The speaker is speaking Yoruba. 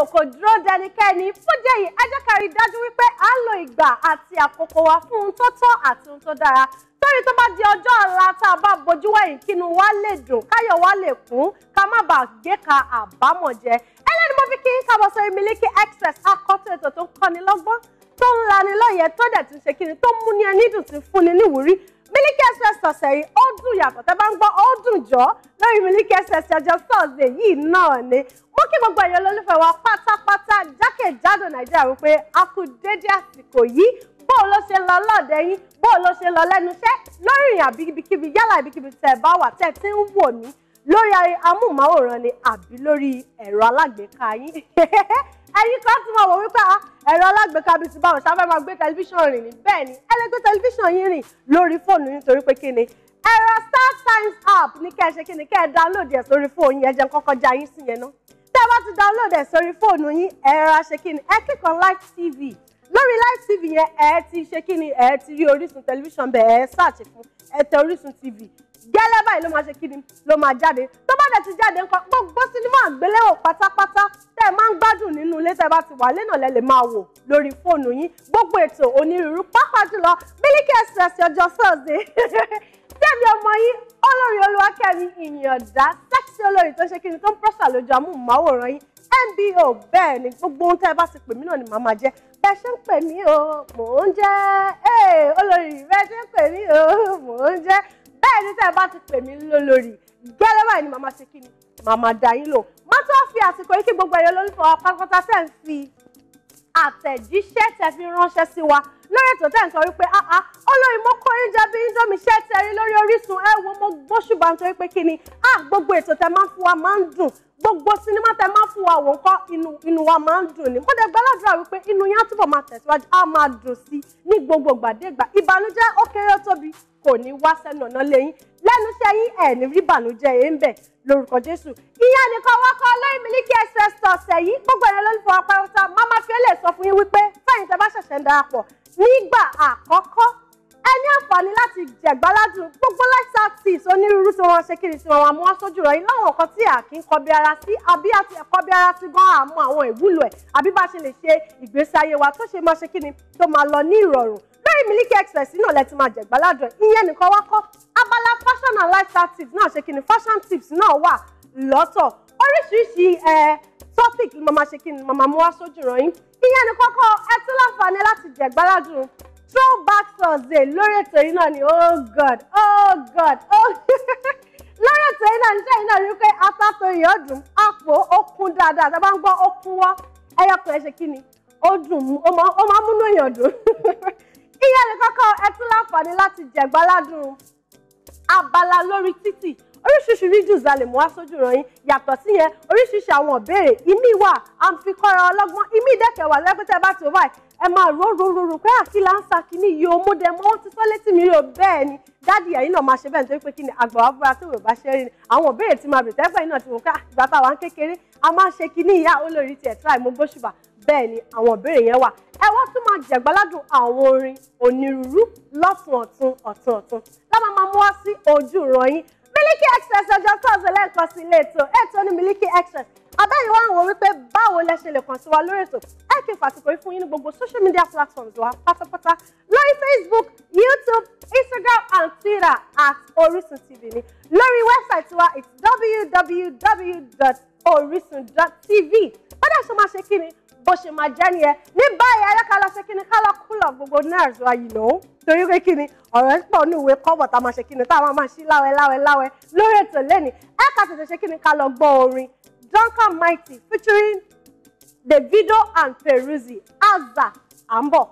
ààbò kò dúró dẹnikẹ́ni fúdìí èyí ẹ jẹ́ ká rí dájú wípé à ń lo ìgbà àti àkókò wa fún ohun tó tọ́ àti ohun tó dára torí tó bá di ọjọ́ ọ̀la tá a bá bojú wẹ̀yìn kínú wa lè dùn káyọ̀ wa lè kún ká má bàa gé ka àbámọ̀ jẹ ẹlẹ́ni mo fi kí n kábọ̀ sórí Miliki Express akọ́tún ètò tó ń kọ́ni lọ́gbọ́n tó ń lani lọ́yẹ̀ tó dẹ̀ tún ṣe kíni tó mú ní ẹni dùn ti fúnni níwúrí Miliki Express tọ̀sẹ̀ yìí ó dùn yàtọ̀ tẹ́ bá ń gbọ́ ó dùn jọ́ lórí Miliki Express ọjọ́ Thursday yìí náà ni mo kí gbogbo ẹ̀yọ́ lólùfẹ́ wa p jákèjádò nàìjíríà wípé a kú dédé àsìkò yìí bóò ló ṣe lọ lọ́ọ̀dẹ yín bóò ló ṣe lọ lẹ́nu iṣẹ́ lórí ìrìn àbí ibikíbi yálà ibikíbi tẹ̀ bá wà tẹ̀ tí ń wò mí lórí amóhùnmáwòrán ni àbí lórí ẹ̀rọ alágbèéká yín ẹ̀yin kan ti máa wọ̀ wípé ah, ẹ̀rọ alágbèéká bíi ti báwo ṣáfẹ́ máa gbé tẹlifíṣàn rìn ní bẹ́ẹ̀ ni ẹ lè gbé tẹlifíṣàn yín rìn lórí fóònù yín torí pé kí ni ẹ̀rọ StarTimes app ní kẹ́ ẹ ṣe kí ni kẹ́ ẹ download ẹ̀ sórí fóònù yẹn jẹ́ kọ́kọ́ já yín sí yẹn náà tẹ́ ẹ bá ti download ẹ̀ sórí fóònù yín ẹ̀rọ àṣekínni ẹ kíkan live tv lórí live tv yẹn ẹ ti ṣe kí ni ẹ ti rí orísun tẹlifíṣàn bẹ́ẹ̀ ẹ ṣáàtì fún ẹ tẹ orísun tv gẹ́lẹ́ báyìí ló máa ṣe kí ni ló máa jáde tó bá dẹ̀ ti jáde nǹkan gbogbo sinimá àgbéléwò pátápátá tẹ́ ẹ máa ń gbádùn nínú ilé tẹ́ ẹ bá ti wà lẹ́nà lẹ́ lè máa wò lórí fóònù yín gbogbo ètò onírúurú pápá jùlọ Miliki Express ọjọ́ Thursday tẹ́mi ọmọ yín olórí Olúwakẹ́mi ìyànda sí olórin tó ṣe kí ni tó ń pọ́sà lójú amóhùnmáwòrán yín MBO bẹ́ẹ̀ ni gbogbo ohun tẹ́ ẹ bá ti pè mí náà ni màá máa jẹ́ bẹ́ẹ̀ ṣe ń pè mí o mò ń jẹ́ olórí bẹ́ẹ̀ ṣe ń pè mí o mò ń jẹ́ bẹ́ẹ̀ ni tẹ́ ẹ bá ti pè mí lólórí gẹ́lẹ́ báyìí ni màá máa ṣe kí ni màá máa dá yín lò má tó fi àsìkò yìí kí gbogbo ẹ̀yọ́ lólùfọ́ pátápátá tẹ́ ń fi àtẹ̀jíṣẹ́ tẹ fi ránṣẹ́ sí wa lórí ètò tẹ̀ ń sọ wípé áá olóyin mo kó oúnjẹ bí indomie ṣẹ́ tẹ rí lórí Orísun ẹ wo mo gbóṣùbà nítorí pé kí ni á gbogbo ètò tẹ máa ń fún wa máa ń dùn gbogbo sinimá tẹ máa ń fún wa wò ńkọ́ inú inú wa máa ń dùn ní kó dẹ gbàládùra wípé inú yẹn á túbọ̀ máa tẹ̀síwájú á máa dùn sí ní gbogbo gbàdégbà ìbànújẹ́ ó kéré ó tóbi kò ní wá sẹ́nu ọ̀nà lẹ́yìn lẹ́nu iṣẹ́ yín ẹ̀ ní rí bànújẹ́ yẹn ń bẹ̀ lórúkọ Jésù ìyá nìkan wọ́kọ́ lórí Miliki Express tọ̀sẹ̀ yìí gbogbo ẹ̀rọ ló ń fọ apá ọ̀tá m sọ fún yín wípé fẹ́yìn tẹ́ bá ṣẹ̀ṣẹ̀ ń darapọ̀ nígbà àkọ́kọ́ ẹ ní àǹfààní láti jẹ̀gbáládùn gbogbo lifestyle tips onírúurú tí wọ́n ṣe kiri tí wọ́n mú aṣojú rẹ̀ láwọn nǹkan tí a kì í kọbi ara sí àbí àti ẹ̀kọ́ bí ara sí gan àmọ́ àwọn ìwúlò ẹ̀ àbí bá ṣe lè ṣe ìgbésí ayé wa tó ṣe máa ṣe kíni tó máa lọ ní ìrọ̀rùn lórí Miliki Express náà lẹ máa jẹ̀gbáládùn ẹ̀ ìyẹn nìkan wá kọ́ abala fashion and lifestyle tips náà ṣe kíni fashion tips náà wà lọ́tọ̀ oríṣiríṣi ẹ̀ topic ni mo máa ṣe kí ni mo máa mú wá sójú ràn yín ìyẹn ni kọ́kọ́ ẹ tún láǹfààní láti jẹ̀gbáládùn throwback thursday lórí ètò yìí náà ni oh god oh god oh lórí ètò yìí náà níṣẹ́ yìí náà rí pé atáto ìyọ́ dùn àpò ó kún dáadáa tá a bá ń gbọ́ ó kún wá ẹyọ kan ẹ ṣe kí ni ó dùn ó máa múnú èèyàn dùn ìyẹn ni kọ́kọ́ ẹ tún láǹfààní láti jẹ̀gbáládùn abala lórí títì oríṣiríṣi fídíòs a lè mú wá sójú ìròyìn yàtọ̀ sí yẹn oríṣiríṣi àwọn ìbéèrè ìmí wà à ń fi kọ́ra ọlọ́gbọ́n ìmí ìdẹ́kẹ̀wà lẹ́pẹ́tẹ́ bá ti wà ẹ máa rò rò rò rò pé àkìlà ń sa kínní yìí o mo dẹ̀ mọ́ wọ́n ti sọ létí mi rí bẹ́ẹ̀ ni dádì ẹ̀yin náà máa ṣe bẹ́ẹ̀ nítorí pé kí ni àgbà wá búra tí òwe bá ṣe rí ni àwọn ìbéèrè tí máa bèrè tẹ́gbẹ́ náà ti wò ká ìgbà táwa ń kékeré a máa ń ṣe kínní ìyá olórí tiẹ̀ tíra ìmúgbóṣùbà bẹ́ẹ̀ ni àwọn ìbéèrè yẹn wà ẹ wá tún máa jẹ̀gbáládùn àwọn orin onírúurú lọ́tún ọ̀tún ọ̀tún ọ̀tún lábàá máa mú wá sí ojú ìrọ̀yìn Miliki Express ọjọ́ tọ́sí lẹ́ẹ̀kan sí ilé ètò ètò ní Miliki Express abẹ́yìn wá ń wo wípé báwo lẹ ṣe lè kàn sí wa lórí ètò ẹ kí n fàtìkọ̀ fún yín ní gbogbo social media platforms wa pátápátá lórí Facebook YouTube Instagram and Twitter at Orisun TV ni lórí wẹ́bsáìtì wa it's www.orisun.tv bọ́dà ṣe máa ṣe kí ni bó ṣe máa jẹ́ nìyẹn ní báyìí ẹlẹ́ka lọ ṣe kíni ká lọ kúlọ̀ gbogbo nerves wa yìí nù torí pé kíni ọ̀rọ̀ ń pọ̀ ní ìwé kọ́bọ̀ tá a máa ṣe kíni tá a máa ṣí láwẹ́ láwẹ́ láwẹ́ lórí ètò lẹ́ni ẹ̀ka tètè ṣe kíni ká lọ gbọ́ orin Duncan Mighty featuring Davido and Peruzzi Azza à